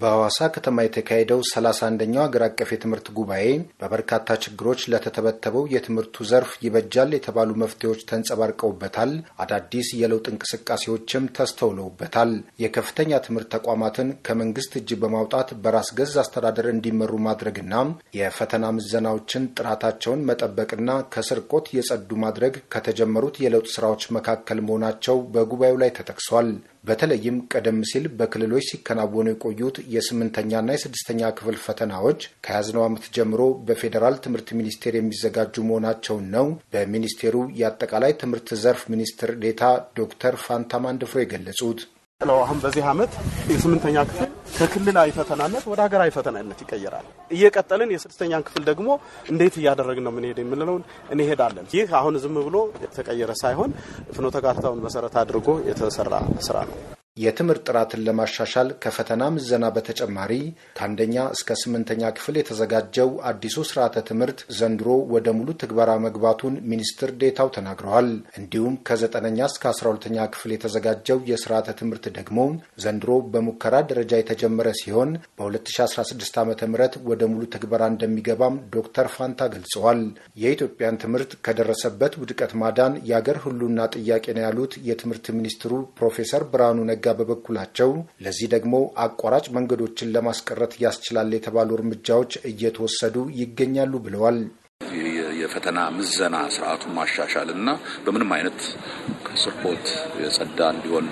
በሐዋሳ ከተማ የተካሄደው ሰላሳ አንደኛው አገር አቀፍ የትምህርት ጉባኤ በበርካታ ችግሮች ለተተበተበው የትምህርቱ ዘርፍ ይበጃል የተባሉ መፍትሄዎች ተንጸባርቀውበታል። አዳዲስ የለውጥ እንቅስቃሴዎችም ተስተውለውበታል። የከፍተኛ ትምህርት ተቋማትን ከመንግስት እጅ በማውጣት በራስ ገዝ አስተዳደር እንዲመሩ ማድረግና የፈተና ምዘናዎችን ጥራታቸውን መጠበቅና ከስርቆት የጸዱ ማድረግ ከተጀመሩት የለውጥ ስራዎች መካከል መሆናቸው በጉባኤው ላይ ተጠቅሷል። በተለይም ቀደም ሲል በክልሎች ሲከናወኑ የቆዩት የስምንተኛና የስድስተኛ ክፍል ፈተናዎች ከያዝነው ዓመት ጀምሮ በፌዴራል ትምህርት ሚኒስቴር የሚዘጋጁ መሆናቸውን ነው በሚኒስቴሩ የአጠቃላይ ትምህርት ዘርፍ ሚኒስትር ዴታ ዶክተር ፋንታማንድፍሮ የገለጹት ነው። አሁን በዚህ ዓመት የስምንተኛ ክፍል ከክልላዊ ፈተናነት ወደ ሀገራዊ ፈተናነት ይቀየራል። እየቀጠልን የስድስተኛን ክፍል ደግሞ እንዴት እያደረግን ነው ምንሄድ የምንለውን እንሄዳለን። ይህ አሁን ዝም ብሎ የተቀየረ ሳይሆን ፍኖተ ካርታውን መሰረት አድርጎ የተሰራ ስራ ነው። የትምህርት ጥራትን ለማሻሻል ከፈተና ምዘና በተጨማሪ ከአንደኛ እስከ ስምንተኛ ክፍል የተዘጋጀው አዲሱ ስርዓተ ትምህርት ዘንድሮ ወደ ሙሉ ትግበራ መግባቱን ሚኒስትር ዴታው ተናግረዋል። እንዲሁም ከዘጠነኛ እስከ አስራ ሁለተኛ ክፍል የተዘጋጀው የስርዓተ ትምህርት ደግሞ ዘንድሮ በሙከራ ደረጃ የተጀመረ ሲሆን በ2016 ዓ ም ወደ ሙሉ ትግበራ እንደሚገባም ዶክተር ፋንታ ገልጸዋል። የኢትዮጵያን ትምህርት ከደረሰበት ውድቀት ማዳን የአገር ሁሉና ጥያቄ ነው ያሉት የትምህርት ሚኒስትሩ ፕሮፌሰር ብርሃኑ ነ። ነጋ በበኩላቸው ለዚህ ደግሞ አቋራጭ መንገዶችን ለማስቀረት ያስችላል የተባሉ እርምጃዎች እየተወሰዱ ይገኛሉ ብለዋል። የፈተና ምዘና ስርዓቱን ማሻሻል እና በምንም አይነት ከስርቆት የጸዳ እንዲሆን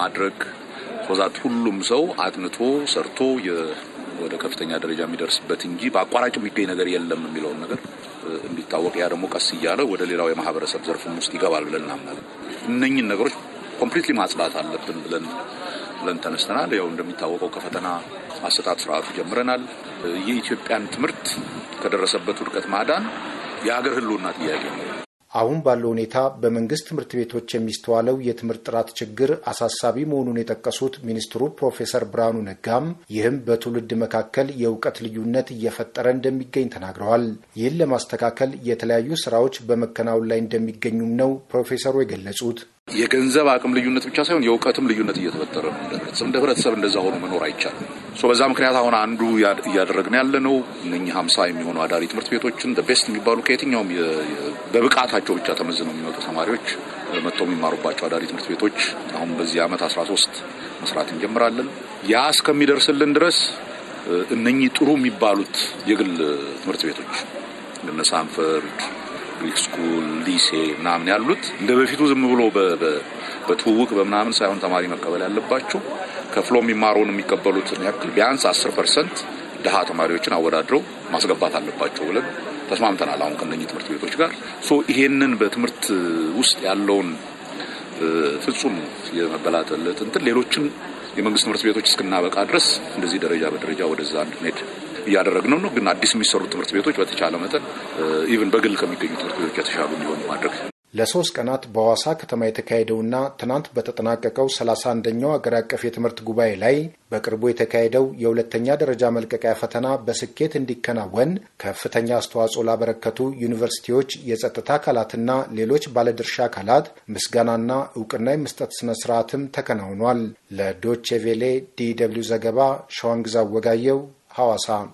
ማድረግ ኮዛት ሁሉም ሰው አጥንቶ ሰርቶ ወደ ከፍተኛ ደረጃ የሚደርስበት እንጂ በአቋራጭ የሚገኝ ነገር የለም የሚለውን ነገር እንዲታወቅ ያ ደግሞ ቀስ እያለ ወደ ሌላው የማህበረሰብ ዘርፍም ውስጥ ይገባል ብለን እናምናለን። እነኝን ነገሮች ኮምፕሊትሊ ማጽዳት አለብን ብለን ብለን ተነስተናል። ያው እንደሚታወቀው ከፈተና አሰጣጥ ስርዓቱ ጀምረናል። የኢትዮጵያን ትምህርት ከደረሰበት ውድቀት ማዳን የሀገር ሕልውና ጥያቄ ነው። አሁን ባለው ሁኔታ በመንግስት ትምህርት ቤቶች የሚስተዋለው የትምህርት ጥራት ችግር አሳሳቢ መሆኑን የጠቀሱት ሚኒስትሩ ፕሮፌሰር ብርሃኑ ነጋም ይህም በትውልድ መካከል የእውቀት ልዩነት እየፈጠረ እንደሚገኝ ተናግረዋል። ይህን ለማስተካከል የተለያዩ ስራዎች በመከናወን ላይ እንደሚገኙም ነው ፕሮፌሰሩ የገለጹት። የገንዘብ አቅም ልዩነት ብቻ ሳይሆን የእውቀትም ልዩነት እየተፈጠረ ነው። ህብረተሰብ እንደ ህብረተሰብ እንደዛ ሆኖ መኖር አይቻልም። በዛ ምክንያት አሁን አንዱ እያደረግን ያለ ነው እነህ ሀምሳ የሚሆኑ አዳሪ ትምህርት ቤቶችን ቤስት የሚባሉ ከየትኛውም በብቃታቸው ብቻ ተመዝነው የሚመጡ ተማሪዎች መጥተው የሚማሩባቸው አዳሪ ትምህርት ቤቶች አሁን በዚህ ዓመት 13 መስራት እንጀምራለን። ያ እስከሚደርስልን ድረስ እነኚህ ጥሩ የሚባሉት የግል ትምህርት ቤቶች እነ ሳንፈርድ ፐብሊክ ስኩል፣ ሊሴ ምናምን ያሉት እንደ በፊቱ ዝም ብሎ በትውውቅ በምናምን ሳይሆን ተማሪ መቀበል ያለባቸው ከፍሎ የሚማረውን የሚቀበሉትን ያክል ቢያንስ አስር ፐርሰንት ድሃ ተማሪዎችን አወዳድረው ማስገባት አለባቸው ብለን ተስማምተናል። አሁን ከነኚህ ትምህርት ቤቶች ጋር ሶ ይሄንን በትምህርት ውስጥ ያለውን ፍጹም የመበላተለት እንትን ሌሎችን የመንግስት ትምህርት ቤቶች እስክናበቃ ድረስ እንደዚህ ደረጃ በደረጃ ወደዛ እንድንሄድ እያደረግነው ነው። ግን አዲስ የሚሰሩ ትምህርት ቤቶች በተቻለ መጠን ኢቭን በግል ከሚገኙ ትምህርት ቤቶች የተሻሉ እንዲሆኑ ማድረግ ለሶስት ቀናት በሐዋሳ ከተማ የተካሄደውና ትናንት በተጠናቀቀው 31ኛው አገር አቀፍ የትምህርት ጉባኤ ላይ በቅርቡ የተካሄደው የሁለተኛ ደረጃ መልቀቂያ ፈተና በስኬት እንዲከናወን ከፍተኛ አስተዋጽኦ ላበረከቱ ዩኒቨርሲቲዎች፣ የጸጥታ አካላትና ሌሎች ባለድርሻ አካላት ምስጋናና እውቅና የመስጠት ስነ ስርዓትም ተከናውኗል። ለዶቼ ቬሌ ዲ ደብልዩ ዘገባ ሸዋንግዛ ወጋየው Hauershaun